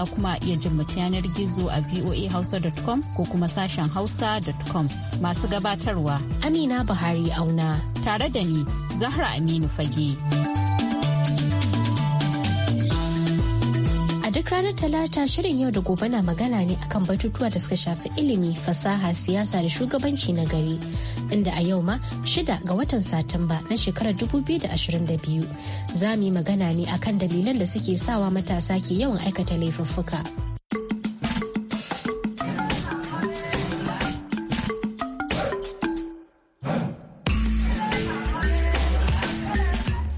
za kuma iya jin mu yanar gizo a voahausa.com ko kuma sashen hausa.com masu gabatarwa amina buhari auna tare da ni zahra aminu fage a duk ranar talata shirin yau da gobe na magana ne akan batutuwa da suka shafi ilimi fasaha siyasa da shugabanci na gari inda a yau ma shida ga watan Satumba na shekarar ashirin 2022 za mu yi magana ne akan dalilan da suke sawa matasa ke yawan aikata laifuffuka.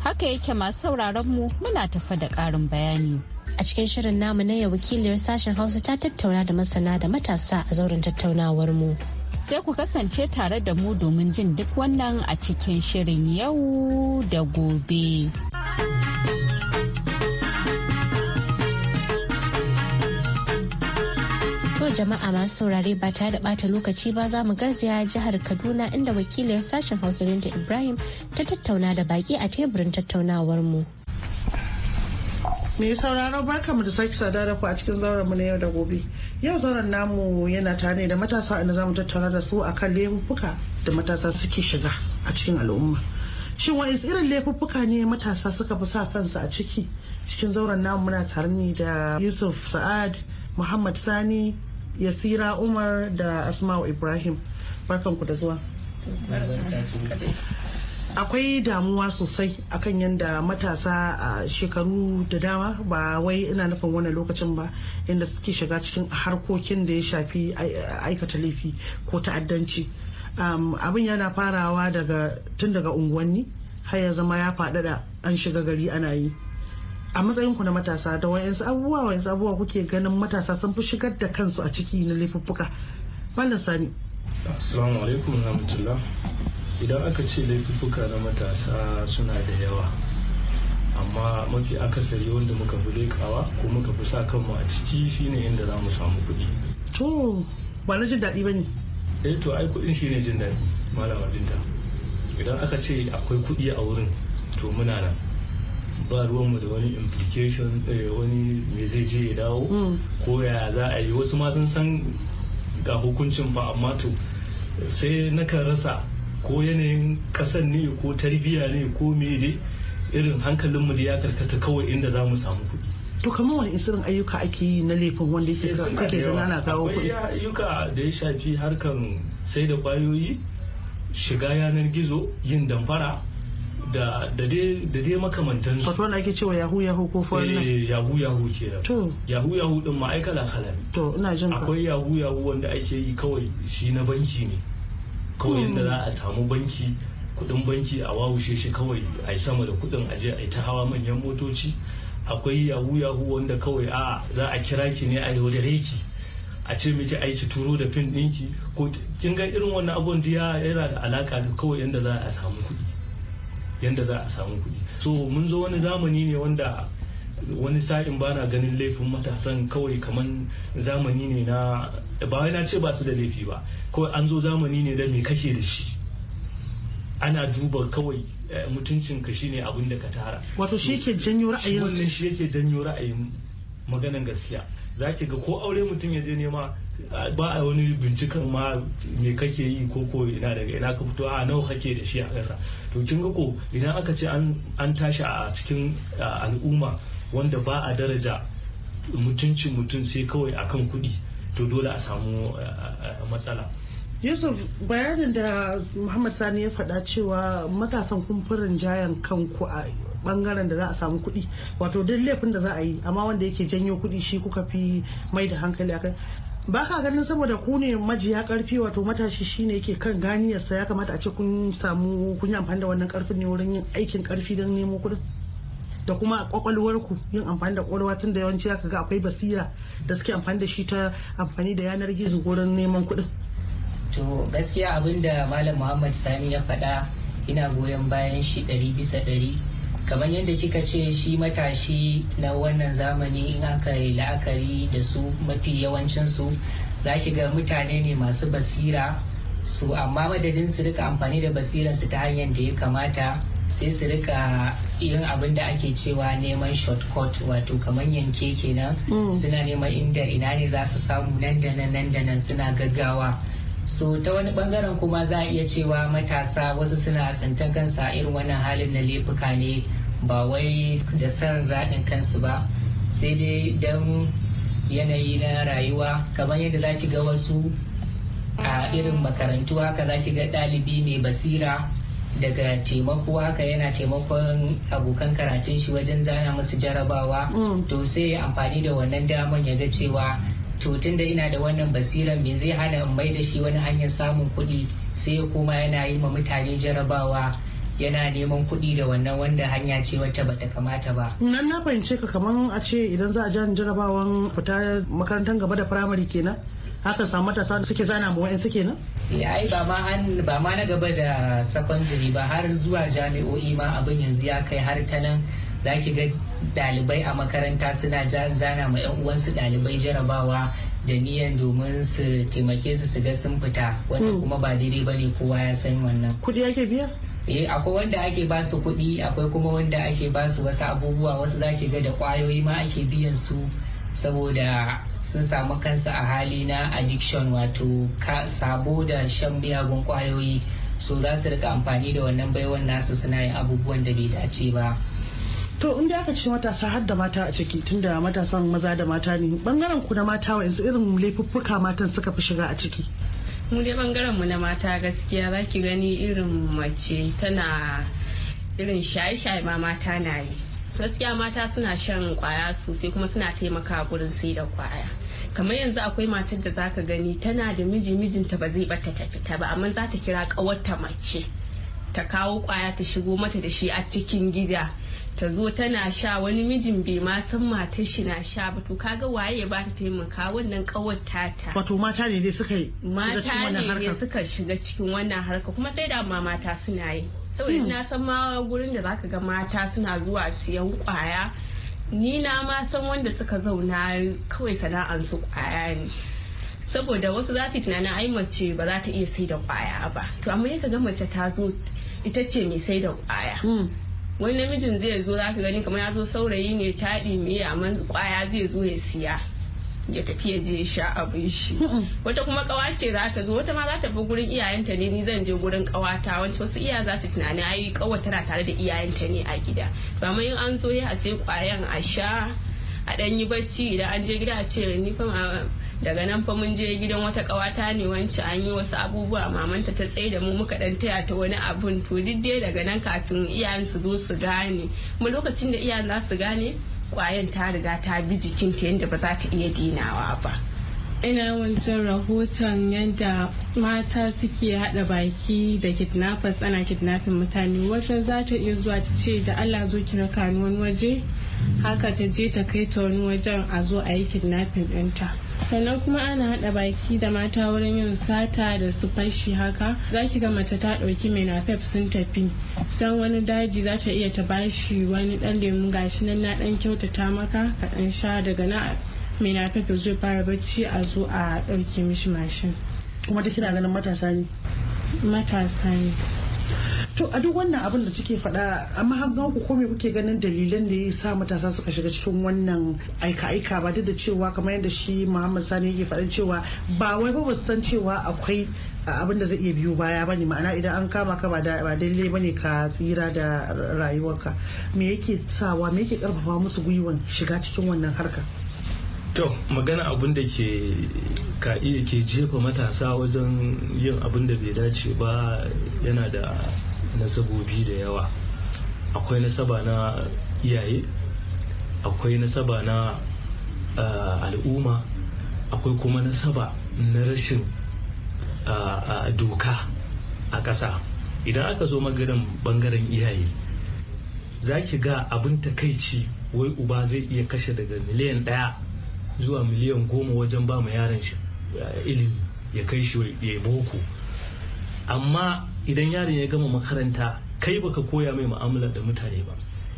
Haka yake masu sauraron mu muna tafa da ƙarin bayani. a cikin shirin namu na yau wakiliyar sashen hausa ta tattauna da masana da matasa a zauren tattaunawar mu sai ku kasance tare da mu domin jin duk wannan a cikin shirin yau da gobe. To jama'a masu saurare ba tare da bata lokaci ba za mu garzaya jihar Kaduna inda wakilin sashen Hausa Binta Ibrahim ta tattauna da baki a teburin tattaunawar mu. Me sauraro barkamu da sake sada da ku a cikin zauren mu na yau da gobe. yau zauren namu yana tare da matasa inda zamu tattauna da su akan laifuka da matasa suke shiga a cikin al'umma shin wa irin laifuffuka ne matasa suka fi sa kansu a ciki cikin zauren namu muna tare ne da yusuf sa'ad muhammad sani yasira umar da asma'u ibrahim barkanku da zuwa akwai damuwa sosai akan yadda matasa a shekaru da dama ba wai ina nufin wannan lokacin ba inda suke shiga cikin harkokin da ya shafi aikata laifi ko ta'addanci abin yana farawa daga tun daga unguwanni har ya zama ya da an shiga gari ana yi a matsayin ku na matasa da wayansu abubuwa wayansu abubuwa kuke ganin matasa sun fi shigar da kansu a ciki na laifuffuka Sani. Assalamu alaikum idan aka ce laifuka na matasa suna da yawa amma mafi akasari wanda muka fi laikawa ko muka fi sa kanmu a ciki shine inda za mu samu kuɗi. to ba na jin daɗi ba ne eh to ai kuɗin shine jin daɗi malama binta idan aka ce akwai kuɗi a wurin to muna nan ba ruwanmu da wani implication eh, wani me zai je ya dawo hmm. ko ya za a yi wasu ma sun san ga hukuncin ba amma to sai nakan rasa ko yanayin kasan ne ko tarbiyya ne ko me dai irin hankalinmu da ya karkata kawai inda za mu samu kuɗi to kamar wani isirin ayyuka ake yi na laifin wanda yake eh, kake zama ana kawo kuɗi akwai ayyuka da ya shafi harkar sai da kwayoyi shiga yanar gizo yin damfara da dai makamantan su wato ake cewa yahu yahu ko fa nan eh yahu yahu kenan to yahu yahu din ma ai kala kala to ina jin akwai yahu yahu wanda ake yi kawai shi na banki ne kawai yadda hmm. za a samu banki kudin banki a wawushe shi kawai a yi sama da kudin aje a yi ta hawa manyan motoci akwai yahu yahu wanda kawai a za a kira ki ne a yaudare ki a ce miki aiki turo da fin ɗinki ko kin ga irin wannan abun da yana da alaka da kawai yadda za a samu kuɗi yadda za a samu kuɗi so mun zo wani zamani ne wanda wani sa'in ba na ganin laifin matasan kawai kamar zamani ne na ba na ce ba su da laifi ba kawai an zo zamani ne da me kashe da shi ana duba kawai eh, mutuncin ka shine abin da ka tara wato shi yake janyo ra'ayin wannan shi yake janyo ra'ayin maganan gaskiya Zaki ga ko aure mutum ya je nema eh, ba a wani binciken ma me kake yi ko ko ina daga ina ka fito a nawa kake da shi a kasa? to kin ga ko idan aka ce an tashi a cikin eh, al'umma wanda ba a daraja mutuncin mutum sai kawai akan kuɗi to dole a samu eh, eh, matsala yusuf bayanin da muhammad sani ya faɗa cewa matasan kumfurin jayan kanku a bangaren da za a samu kuɗi wato duk laifin da za a yi amma wanda yake janyo kuɗi shi kuka fi mai da hankali akai ba ka ganin saboda ku ne majiya karfi wato matashi shine yake kan ganiyarsa ya kamata a ce kun samu kun yi amfani da wannan karfin ne wurin yin aikin karfi don nemo kuɗin da kuma kwakwalwarku yin amfani da kwakwalwa tun da yawanci zaka ga akwai basira da suke amfani da shi ta amfani da yanar gizo gurin neman kuɗin. to gaskiya abin da malam muhammad sani ya faɗa ina goyon bayan shi ɗari bisa ɗari kamar yadda kika ce shi matashi na wannan zamani in aka yi la'akari da su mafi yawancinsu za ki ga mutane ne masu basira su amma madadin su rika amfani da basiransu ta hanyar da ya kamata sai su rika irin abin da ake cewa neman shortcut wato kamar yanke kenan mm. suna neman inda ina ne za su samu nan da nan nan da nan suna gaggawa so ta wani bangaren kuma za a iya cewa matasa wasu suna tsintan kansa irin wannan halin na laifuka ne ba wai da san raɗin kansu ba sai dai don yanayi na rayuwa kamar yadda za ga wasu a irin makarantu haka za ga ɗalibi mai basira daga taimako haka yana taimakon abokan karatun shi wajen zana masu jarabawa mm. to sai ya amfani da wannan daman ya ga cewa to da ina da wannan basiran me zai hana in mai da shi wani hanyar samun kuɗi sai ya koma yana yi ma mutane jarabawa yana neman kuɗi da wannan wanda hanya ce wacce bata kamata ba. Nan na fahimce ka kamar a ce idan za a ja jarabawan fita makarantar gaba da firamare kenan. Haka samu matasa suke zana ma wa'in suke nan? Eh, ai ba ma ba ma na gaba da secondary ba har zuwa jami'o'i ma abin yanzu ya kai har ta nan za ki ga dalibai a makaranta suna zana ma yan uwansu dalibai jarabawa da niyan domin su taimake su su ga sun fita wanda hmm. kuma ba daidai ba ne kowa ya san wannan kudi ake biya eh akwai wanda ake ba su kuɗi akwai kuma wanda ake ba su wasu abubuwa wasu za ki ga da kwayoyi ma ake biyan su saboda sun samu kansu a hali na addiction wato sabo da shan miyagun kwayoyi so za su rika amfani da wannan baiwan nasu suna yin abubuwan da bai dace ba to inda aka ce matasa har da mata a ciki tunda matasan maza da mata ne bangaren ku na mata wa irin laifuffuka matan suka fi shiga a ciki mu dai bangaren mu na mata gaskiya zaki gani irin mace tana irin shaye-shaye ma mata na yi gaskiya mata suna shan kwaya sosai kuma suna taimaka gurin sai da kwaya kamar yanzu akwai matar da zaka gani tana da miji mijinta ba zai bata ta fita ba amma za ta kira kawarta mace ta kawo kwaya ta shigo mata da shi a cikin gida ta zo tana sha wani mijin bai ma san matar shi na sha ba to kaga waye ya bata taimaka wannan kawar ta. wato mata ne dai suka yi mata ne suka shiga cikin wannan harka kuma sai da mata suna yi saboda hmm. na san ma gurin da zaka ga mata suna zuwa siyan kwaya ni na ma san wanda suka zauna kawai sana'ansu kwaya ne saboda wasu za su tunanin ai mace ba za ta iya sai da kwaya ba to amma ya ga mace ta zo ita ce mai sai da kwaya hmm. wani namijin zai zo za ka gani kamar ya zo saurayi ne taɗi ɗimi amma kwaya zai zo ya siya ya tafi ya je sha abin shi wata kuma kawa ce za ta zo wata ma za ta bi gurin iyayenta ne ni zan je gurin kawata wancan wasu iya za su tunani ayi kawa tana tare da iyayenta ne a gida ba mai an zo ya a sai kwayan a sha a dan yi bacci idan an je gida a ce ni fa daga nan fa mun je gidan wata kawata ne wance an yi wasu abubuwa mamanta ta tsaye da mu muka dan taya ta wani abun to duk dai daga nan kafin iyayen su zo su gane mu lokacin da iyayen za su gane kwayan ta riga ta bi jikinta yadda ba za ta iya dinawa ba ina yawancin rahoton yadda mata suke hada baki da kidnappers ana kidnapping mutane wata za ta iya zuwa ta ce da allah zo ki raka wani waje haka ta je ta kai ta wani wajen a zo a yi kidnapping ɗinta. sannan kuma ana haɗa baki da mata wurin yin sata da su fashi haka za ki ga mace ta ɗauki menafep sun tafi san wani daji za ta iya ta bashi wani ɗan lemu gashi nan na ɗan kyautata maka ka dan sha daga na menafep zai fara bacci a zo a ɗauke mishi mashin kuma ta kina ganin matasa ne matasa ne to a duk wannan abin da kike faɗa amma har ku ko me kuke ganin dalilan da ya sa matasa suka shiga cikin wannan aika-aika ba duk da cewa kamar yadda shi Muhammad Sani yake faɗin cewa ba wai ba san cewa akwai abin da zai iya biyo baya ba ma'ana idan an kama ka ba daidai ba ne ka tsira da rayuwarka me yake sawa me yake karfafa musu gwiwan shiga cikin wannan harka to magana abin da ke ka iya ke jefa matasa wajen yin abin da bai dace ba yana da nasabobi da yawa akwai nasaba na iyaye akwai nasaba na ah, al'umma akwai kuma nasaba na rashin ah, ah, doka a ƙasa idan aka zo maganin bangaren iyaye za ki ga abin takaici wai uba zai iya kashe daga miliyan ɗaya zuwa miliyan goma wajen ba mu yaron shi ilimi ya kai shi ya boko amma idan yaron ya gama makaranta kai baka koya mai mu'amala da mutane ba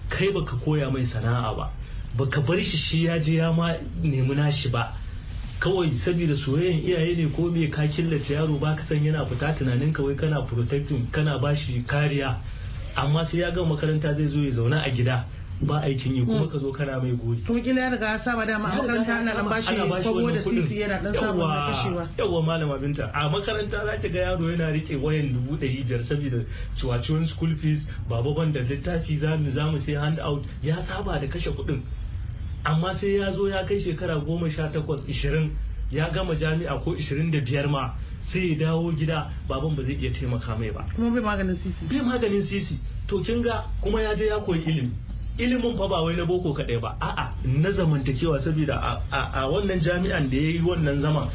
kai baka koya mai sana'a ba baka bar shi shi ya je ya ma nemi nashi ba kawai saboda soyayyen iyaye ne ko me ka killace yaro ba ka san yana fita tunanin kawai kana protecting kana bashi kariya amma sai ya gama makaranta zai zo ya zauna a gida ba aikin yi kuma mm. ka zo kana mai gori to kila ya riga sa ma dama a makaranta ana nan bashi kwabo da sisi yana dan samun na kashewa Yawwa malama binta a makaranta za ki ga yaro yana rike wayan dubu ɗari biyar saboda ciwaciwan school fees ba ban da littafi za mu sai hand out ya saba da kashe kuɗin amma sai ya zo ya kai shekara goma sha takwas ishirin ya gama jami'a ko ishirin da biyar ma sai ya dawo gida baban ba zai iya taimaka mai ba kuma bai maganin sisi bai maganin sisi to kin ga kuma ya je ya koyi ilimi ilimin fa ba wai na boko kaɗai ba a'a na zamantakewa saboda a wannan jami'an da ya yi wannan zama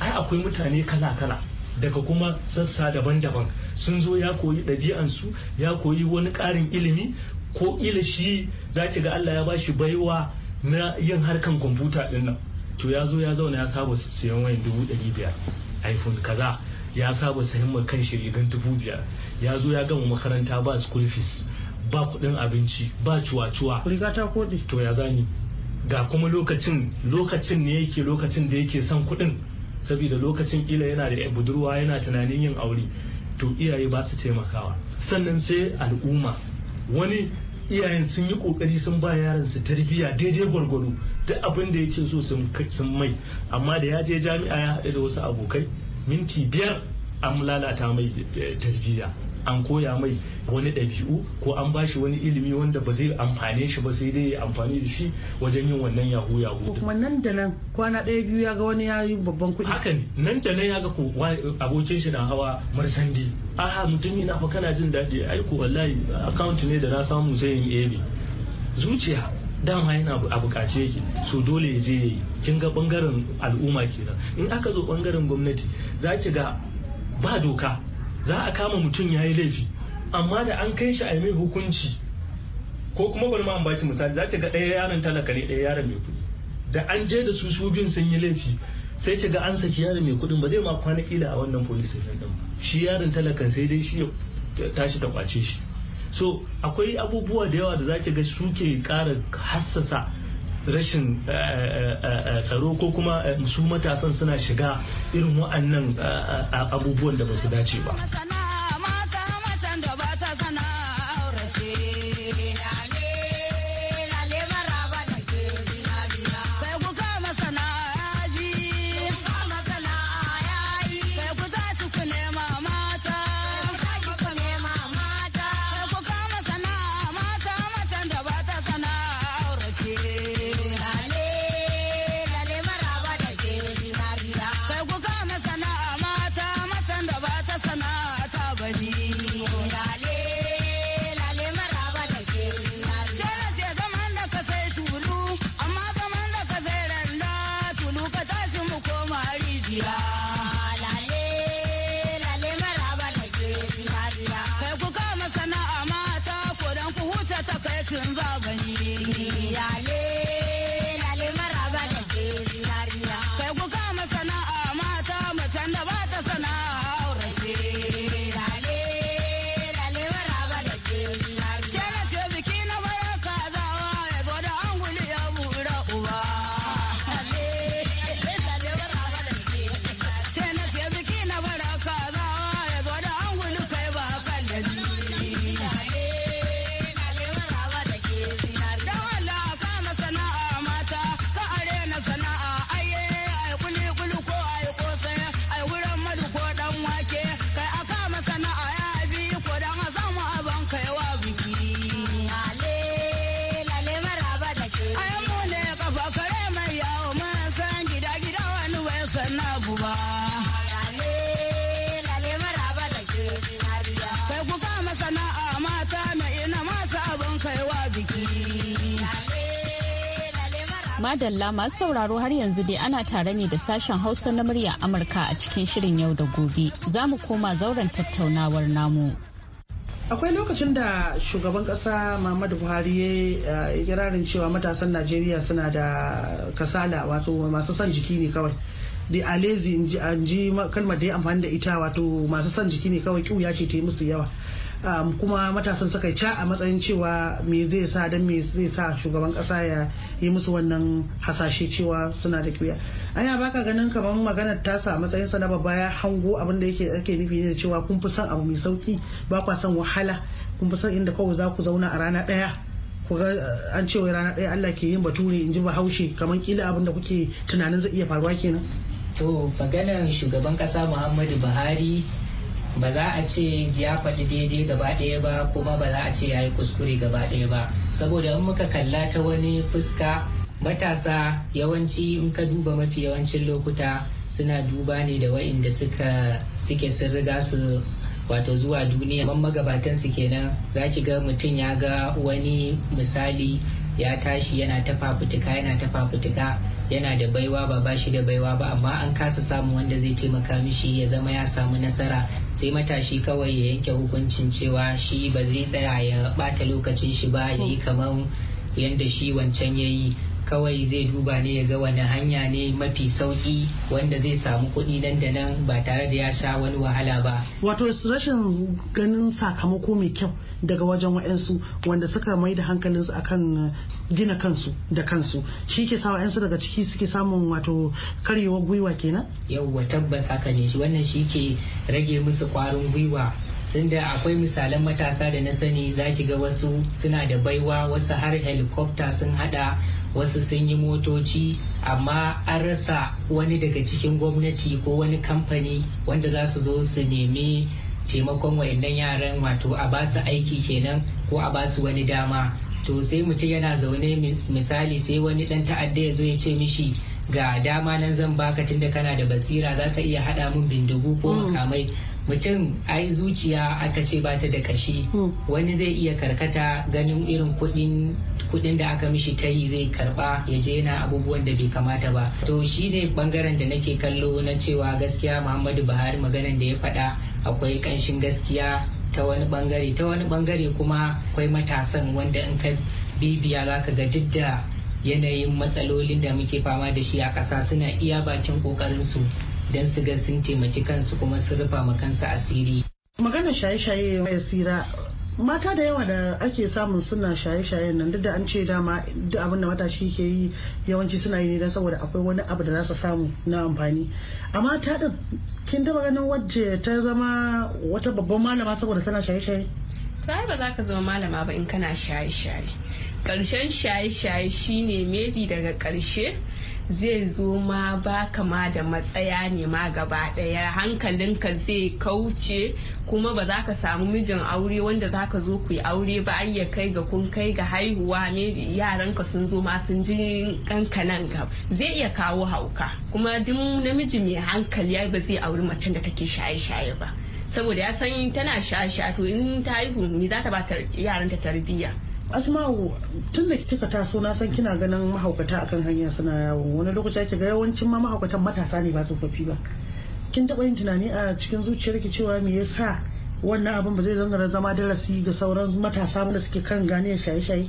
ai akwai mutane kala-kala daga kuma sassa daban-daban sun zo ya koyi ɗabi'ansu ya koyi wani ƙarin ilimi ko ila shi za ga Allah ya bashi baiwa na yin harkan kwamfuta ɗin nan to ya zo ya zauna ya saba siyan wayan dubu ɗari biyar iphone kaza ya saba sayan kan shi rigan dubu biyar ya zo ya gama makaranta ba school fees ba kuɗin abinci ba cuwa-cuwa riga ta to ya zani ga kuma lokacin lokacin ne yake lokacin da yake son kuɗin saboda lokacin kila yana da budurwa yana tunanin yin aure to iyaye ba su taimakawa sannan sai al'umma wani iyayen sun yi kokari sun ba yaran su tarbiyya daidai gwargwado duk abin da yake so sun mai amma da ya je jami'a ya haɗu da wasu abokai minti biyar an lalata mai eh, tarbiyya an koya mai wani ɗabi'u ko an bashi wani ilimi wanda ba zai amfane shi ba sai dai ya amfani da shi wajen yin wannan yahu yahu kuma nan da nan kwana ɗaya biyu ya ga wani ya babban kuɗi haka ne nan da nan ya ga ko abokin shi na hawa marsandi aha mutum ina fa kana jin daɗi ai ko wallahi account ne da na samu sai yin ebi zuciya dama yana a bukace yake so dole ya je yi kin ga bangaren al'umma kenan in aka zo bangaren gwamnati za ki ga ba doka za a kama mutum ya yi laifi amma da an kai shi a mai hukunci ko kuma bari ma an baki misali za ki ga ɗaya yaron talaka ne ɗaya yaron mai kuɗi da an je da su su biyun sun yi laifi sai ki ga an saki yaron mai kuɗin ba zai ma kwana kila a wannan police station shi yaron talakan sai dai shi ya tashi ta kwace shi so akwai abubuwa da yawa da za ga suke ƙara hassasa rashin eh, eh, eh, tsaro ko kuma su matasan suna shiga irin wa'annan abubuwan da ba su dace ba. takin ye. Madalla masu sauraro har yanzu dai ana tare ne da sashen Hausa na murya Amurka a cikin shirin yau da gobe. Za mu koma zauren tattaunawar namu. akwai lokacin da shugaban kasa muhammadu buhari ya eh, kirarin cewa matasan najeriya suna da kasala wato masu son jiki ne kawai da alezi in ji kalmar da ya amfani da ita wato masu son jiki ne kawai kiwu ya ce ta yi musu yawa Um, kuma matasan suka ca a matsayin cewa me zai sa don me zai sa shugaban kasa ya yi musu wannan hasashe cewa suna da an anya baka ganin kamar maganar tasa a matsayin sa na babba ya hango abin da yake ake nufi ne cewa kun fi son abu mai sauki ba kwa son wahala kun fi son inda kawai za ku zauna a rana ɗaya ku ga uh, an cewa rana ɗaya Allah ke yin bature in ji bahaushe kamar kila abin da kuke tunanin zai iya faruwa kenan to maganar shugaban kasa muhammadu buhari ba za a ce ya faɗi daidai gaba ɗaya ba kuma ba za a ce ya yi kuskure gaba ɗaya ba saboda in muka kalla ta wani fuska matasa yawanci in ka duba mafi yawancin lokuta suna duba ne da wa'inda suka suke sun riga su wato zuwa duniya kuma magabatan su kenan za ki ga mutum ya ga wani misali ya tashi yana ta fafutuka yana ta fafutuka yana da baiwa ba ba shi da baiwa ba amma an kasa samu wanda zai taimaka mishi ya zama ya samu nasara sai matashi kawai ya yanke hukuncin cewa shi ba zai tsaya ya bata lokacin shi ba ya yi kamar yadda shi wancan ya yi kawai zai duba ne ya ga wani hanya ne mafi sauki wanda zai samu kuɗi nan da nan ba tare da ya sha wani wahala ba. Wato rashin ganin sakamako mai kyau daga wajen wa'yansu wanda suka mai da hankalinsu akan uh, gina kansu da kansu shi ke sa wa'yansu daga ciki suke samun wato karyewar gwiwa kenan wa tabbas haka ne shi wannan shi ke rage musu kwarin gwiwa tunda akwai misalan matasa da na sani za ki ga wasu suna da baiwa wasu har helikopta sun hada wasu sun yi motoci amma an rasa wani daga cikin gwamnati ko wani kamfani wanda za su zo su nemi taimakon wayannan yaran wato a ba su aiki kenan ko a ba su wani dama to sai mutum yana zaune misali sai wani dan ta'adda ya zo ya ce mishi ga dama nan zan baka tunda kana da basira za ka iya haɗa mun bindigu ko mm. makamai mutum ai zuciya aka ce ba ta da kashi hmm. wani zai iya karkata ganin irin kudin da aka mishi ta yi zai karba ya je yana abubuwan da bai kamata ba to shi ne bangaren da nake kallo na cewa gaskiya muhammadu buhari maganan da ya faɗa akwai ƙanshin gaskiya ta wani bangare ta wani bangare kuma akwai matasan wanda in ka bibiya za ka ga duk da yanayin matsalolin da muke fama da shi a ƙasa suna iya bakin ƙoƙarinsu don su ga sun taimaki kansu kuma sun rufa ma kansu asiri magana shaye-shaye mai sira mata da yawa da ake samun suna shaye-shaye nan duk da an ce dama duk abin da matashi ke yi yawanci suna yi ne don saboda akwai wani abu da za su samu na amfani amma ta din kin taba ganin wacce ta zama wata babban malama saboda tana shaye-shaye Ta ba za ka zama malama ba in kana shaye-shaye karshen shaye-shaye shine maybe daga karshe zai zo ma ba kama da matsaya ne ma gaba daya hankalinka zai kauce kuma ba za ka samu mijin aure wanda za ka zo ku yi aure ba an ya kai ga kun kai ga haihuwa yaranka sun zo ma sun ji kanka nan gab zai iya kawo hauka kuma duk namiji mai hankali ba zai auri macen da take shaye-shaye ba saboda ya san tana shaye-shaye to in ta haihu me za ta ba yaranta tarbiyya asma'u tun da kika taso na san kina ganin mahaukata akan hanya suna yawo wani lokaci ake ga yawancin ma mahaukatan matasa ne ba tsofaffi ba kin taba yin tunani a cikin zuciyarki cewa me yasa wannan abin ba zai zangara zama darasi ga sauran matasa wanda suke kan gane shaye-shaye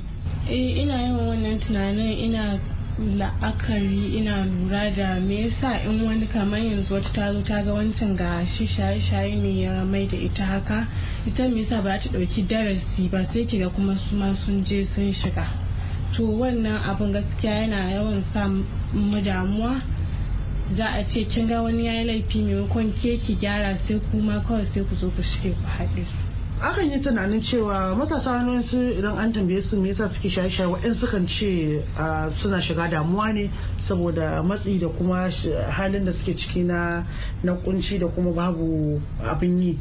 eh, ina yawan wannan tunanin ina la'akari ina lura da me yasa in wani kamar yanzu wata ta zo ta ga wancan ga shi shaye-shaye ne ya mai da ita haka ita me yasa ba ta ɗauki darasi ba sai kiga kuma su ma sun je sun shiga to wannan abin gaskiya yana yawan sa mu damuwa za a ce kin ga wani ya yi laifi maimakon ke ki gyara sai kuma kawai sai ku zo ku shige ku haɗe su akan yi tunanin cewa matasa su idan an tambaye su me yasa suke shaye-shaye su kan ce suna shiga damuwa ne saboda matsi da kuma halin da suke ciki na na kunci da kuma babu abin yi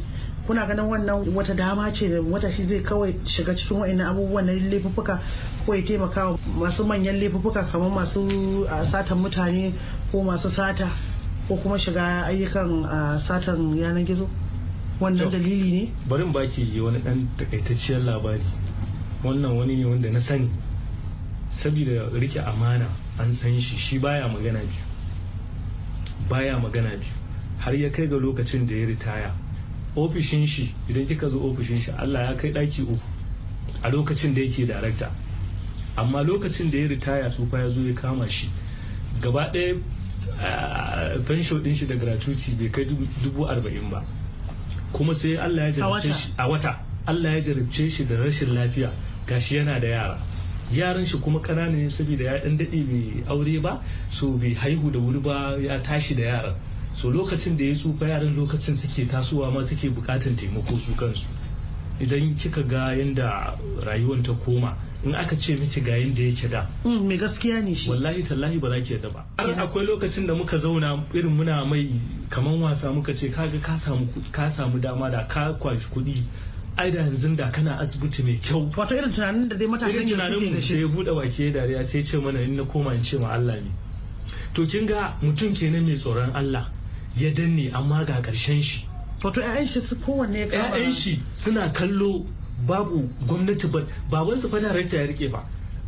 kuna ganin wannan wata dama ce da matashi zai kawai shiga cikin wa'annan abubuwan na laifuffuka ko ya taimaka masu manyan laifuffuka kamar masu satan mutane ko masu sata ko kuma shiga ayyukan satan yanar gizo wannan dalili ne Barin baki wani ɗan takaitacciyar labari wannan wani ne wanda na sani saboda rike amana an san shi shi baya magana biyu baya magana biyu har ya kai ga lokacin da ya ritaya ofishin shi idan kika zo ofishin shi Allah ya kai daki uku a lokacin da yake darakta amma lokacin da ya ritaya tsufa ya zo ya kama shi gaba ɗaya fensho ɗin shi da gratuity bai kai dubu arba'in ba kuma sai Allah ya jarabce shi a wata Allah ya jarabce shi da rashin lafiya gashi yana da yara yaran shi kuma ƙanana ne saboda ya dan dade bai aure ba so bai haihu da wuri ba ya tashi da yaran so lokacin da ya tsufa yaran lokacin suke tasowa ma suke bukatan taimako su kansu idan kika ga yanda rayuwar ta koma in aka ce miki ga yadda yake da mm, mai gaskiya ne shi wallahi tallahi ba za ki yadda ba har akwai lokacin da muka zauna irin muna mai kaman wasa muka ce kaga ka samu ka samu dama da ka kwashi kuɗi ai da yanzu da kana asibiti mai kyau wato irin tunanin da dai matasan yanzu tunanin mu sai ya bude baki dariya sai ce mana in na koma in ce ma Allah ne to kin ga mutum kenan mai tsoron Allah ya danne amma ga karshen shi wato 'ya'yan shi su kowanne ya kama 'ya'yan shi suna kallo babu gwamnati ba baban su fada rakta ya rike ba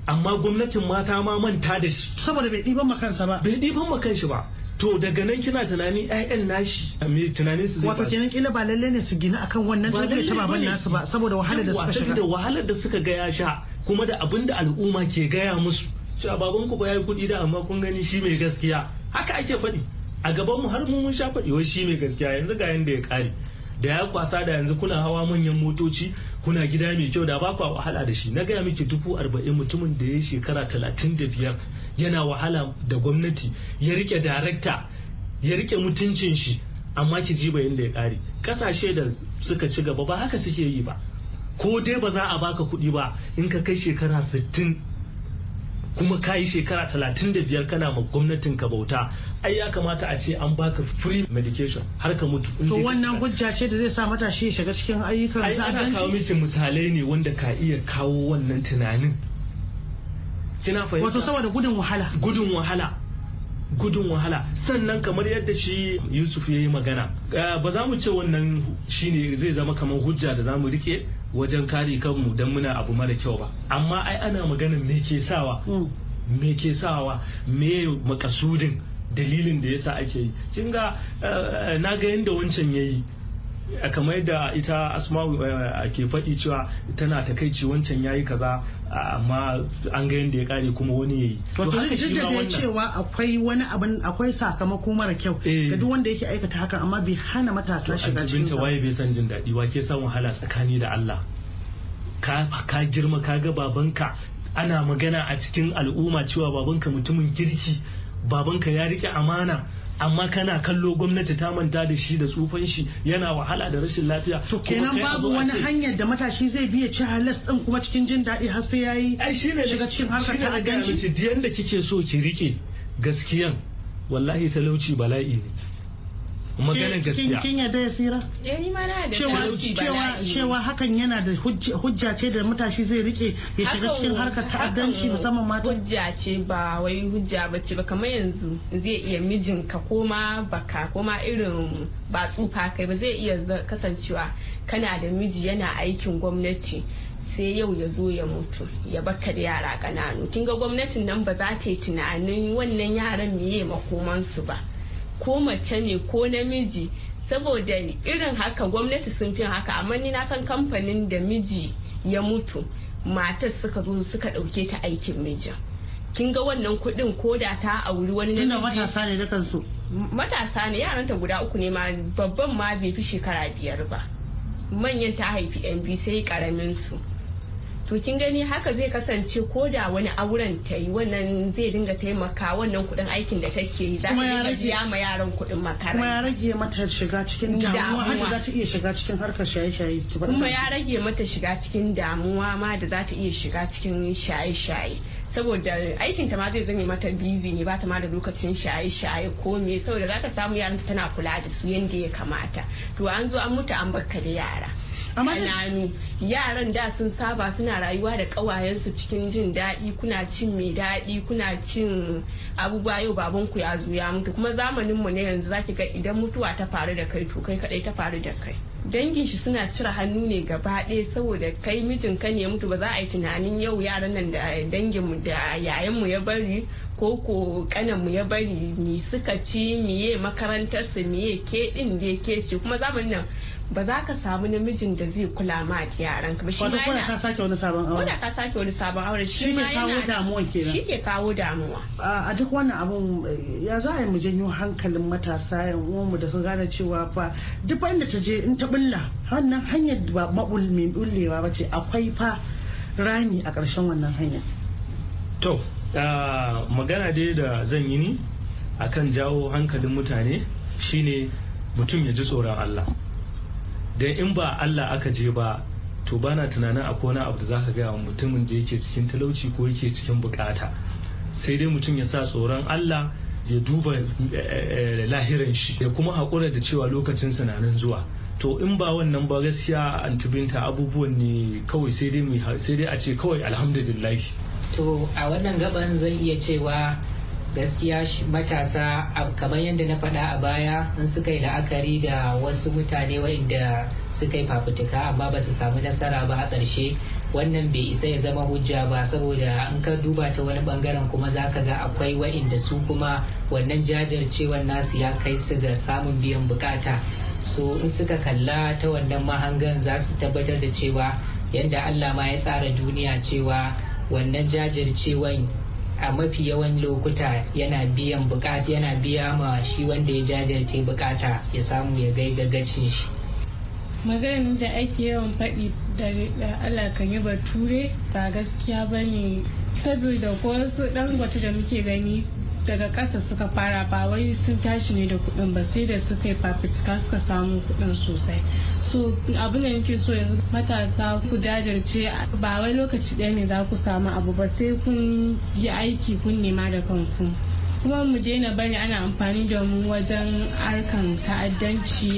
amma gwamnatin mata ma manta da shi saboda bai diban ma kansa ba bai diban ma kanshi ba to daga nan kina tunani ayyan nashi tunanin su zai wato kenan kila ba lalle ne su gina akan wannan tarbiyyar ta baban nasu ba saboda wahalar da suka shiga da wahalar da suka ga ya sha kuma da abin da al'umma ke gaya musu cewa baban ku ba yayi kuɗi da amma kun gani shi mai gaskiya haka ake faɗi a gaban mu har mu mun sha faɗi wai shi mai gaskiya yanzu ga yanda ya kare da ya kwasa da yanzu kuna hawa manyan motoci kuna gida mai kyau da ba a wahala da shi na gaya miki dubu arba'in mutumin da ya shekara talatin da biyar yana wahala da gwamnati ya rike darakta ya rike mutuncin shi amma ki ji bayan da ya kare kasashe da suka ci gaba ba haka suke yi ba ko dai ba za a baka kuɗi ba in ka kai shekara sittin kuma ka yi shekara talatin da biyar kana ma gwamnatin ka bauta ai ya kamata a ce an baka free medication har ka mutu to wannan hujja ce da zai sa matashi ya shiga cikin ayyukan ta'addanci ai ana kawo miki misalai ne wanda ka iya kawo wannan tunanin kina fahimta wato saboda gudun wahala gudun wahala gudun wahala sannan kamar yadda shi yusuf ya yi magana ba za mu ce wannan shine zai zama kamar hujja da za mu rike wajen kare kanmu don muna abu mara kyau ba amma ai ana maganin me ke sawa me ke sawa me makasudin dalilin da yasa ake yi kin ga eh, eh, na ga yadda wancan yayi Eh, kamar da ita asma'u eh, ke faɗi cewa tana takaici wancan yayi kaza amma an ga yadda ya kare kuma wani yayi to haka shi cewa akwai wani abin akwai sakamako mara kyau ga eh. duk wanda yake aikata hakan amma bai hana matasa shiga cikin sa waye bai san jin daɗi wa ke san wahala tsakani da Allah ka girma ka ga babanka ana magana a cikin al'umma cewa babanka mutumin kirki babanka ya rike amana amma kana kallo gwamnati ta manta da shi da tsufan shi yana wahala da rashin lafiya to kenan babu wani hanyar da matashi zai biya ci halas din kuma cikin jin daɗi har sai yayi shiga cikin harkar ta'addanci da kike so ki rike gaskiyan wallahi talauci bala'i ne maganin gaskiya kin yadda ya tsira eh, cewa cewa hakan yana da hujja ce da matashi zai rike ya shiga cikin harkar ta'addanci musamman mata hujja ce ba wai hujja ba ce ba kamar yanzu zai iya mijinka ko ma baka ko ma irin ba tsufa kai ba zai iya kasancewa kana da miji yana aikin gwamnati sai yau ya zo ya mutu ya baka da yara kananu kinga gwamnatin nan ba za ta yi tunanin wannan yaran yi makomansu ba ko mace ne ko namiji saboda irin haka gwamnati sun fi haka amma ni na san kamfanin da miji ya mutu matar suka zo suka ɗauke ta aikin mijin kin ga wannan kuɗin ko da ta auri wani namiji matasa ne da kansu matasa ne yaran ta guda uku ne ma babban ma bai fi shekara biyar ba manyan ta haifi yan biyu sai karamin su to kin gani haka zai kasance ko da wani auren ta yi wannan zai dinga taimaka wannan kudin aikin da take yi za ta biya ma yaran kudin makaranta kuma ya rage mata shiga cikin damuwa har da za ta iya shiga cikin harkar shaye-shaye kuma ya rage mata shiga cikin damuwa ma da za ta iya shiga cikin shaye-shaye saboda aikin ta ma zai zame mata bizi ne ba ta ma da lokacin shaye-shaye ko me saboda za ta samu yaran tana kula da su yadda ya kamata to an zo an mutu an bakka da yara kananu yaran da sun saba suna rayuwa da kawayensu cikin jin daɗi kuna cin mai daɗi kuna cin abubuwa yau baban ku ya zo ya mutu kuma zamanin mu ne yanzu zaki ga idan mutuwa ta faru da kai to kai kadai ta faru da kai dangin shi suna cire hannu ne gaba ɗaya saboda kai mijin ka ne mutu ba za a yi tunanin yau yaran nan da dangin mu da yayan mu ya bari ko ko kanan mu ya bari ni suka ci miye makarantar su miye ke din da ke ce kuma zamanin nan ba za ka samu namijin da zai kula ma yaran ka ba shi ma ka sake wani sabon aure ka sake wani sabon aure shi ma kawo damuwa kenan shi ke kawo damuwa a duk wannan abun eh, ya za a yi mu janyo hankalin matasa yan uwanmu da su gane cewa fa duk inda ta je in ta bulla wannan hanyar ba mabul mai bullewa ba ce akwai fa rami a ƙarshen wannan hanya. to magana dai da zan yi ni akan jawo hankalin mutane shine mutum ya ji tsoron Allah Dan in ba allah aka je ba to bana na tunanin akwai wani abu da zaka gaya wa mutumin da yake cikin talauci ko yake cikin bukata sai dai mutum ya sa tsoron allah ya duba eh, eh, eh, lahirin shi ya kuma hakura da cewa lokacin sananin zuwa to in ba wannan ba gaskiya antibinta abubuwan ne kawai sai dai a ce kawai alhamdulillah to a wannan gaban zan iya cewa gaskiya matasa kamar yadda na faɗa a baya in suka yi la'akari da wasu mutane waɗanda suka yi fafutuka amma ba su samu nasara ba a ƙarshe wannan bai isa ya zama hujja ba saboda in ka duba ta wani bangaren kuma za ka ga akwai wa'inda su kuma wannan jajircewar nasu ya kai su ga samun biyan bukata so in suka kalla ta wannan mahangan za su tabbatar da cewa yadda allah ma ya tsara duniya cewa wannan jajircewan a mafi yawan lokuta yana biyan bukata yana biya ma shi wanda ya jajirce bukata ya samu ya gai gacin shi maganin da ake yawan faɗi da Allah kan yi bature ba gaskiya bane saboda ko wasu dan da muke gani daga ƙasa suka fara ba wai sun tashi ne da kuɗin ba sai da suka yi fafitika suka samu kuɗin sosai so abu ne nake so yanzu matasa ku jajirce ba wai lokaci ɗaya ne za ku samu abu ba sai kun yi aiki kun nema da kanku kuma mu daina bari ana amfani da mu wajen harkan ta'addanci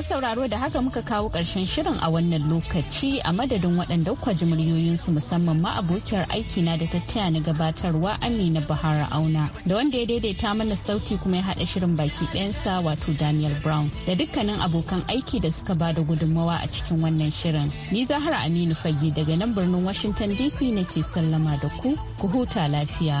masu sauraro da haka muka kawo ƙarshen shirin a wannan lokaci a madadin waɗanda kwa ji muryoyinsu musamman ma abokiyar na da tattaya na gabatarwa Amina Bahara Auna da wanda ya daidaita mana sauti kuma ya haɗa shirin baki ɗayansa wato Daniel Brown da dukkanin abokan aiki da suka ba da gudunmawa a cikin wannan shirin. Ni Zahara Aminu Fage daga nan birnin Washington DC nake sallama da ku, ku huta lafiya.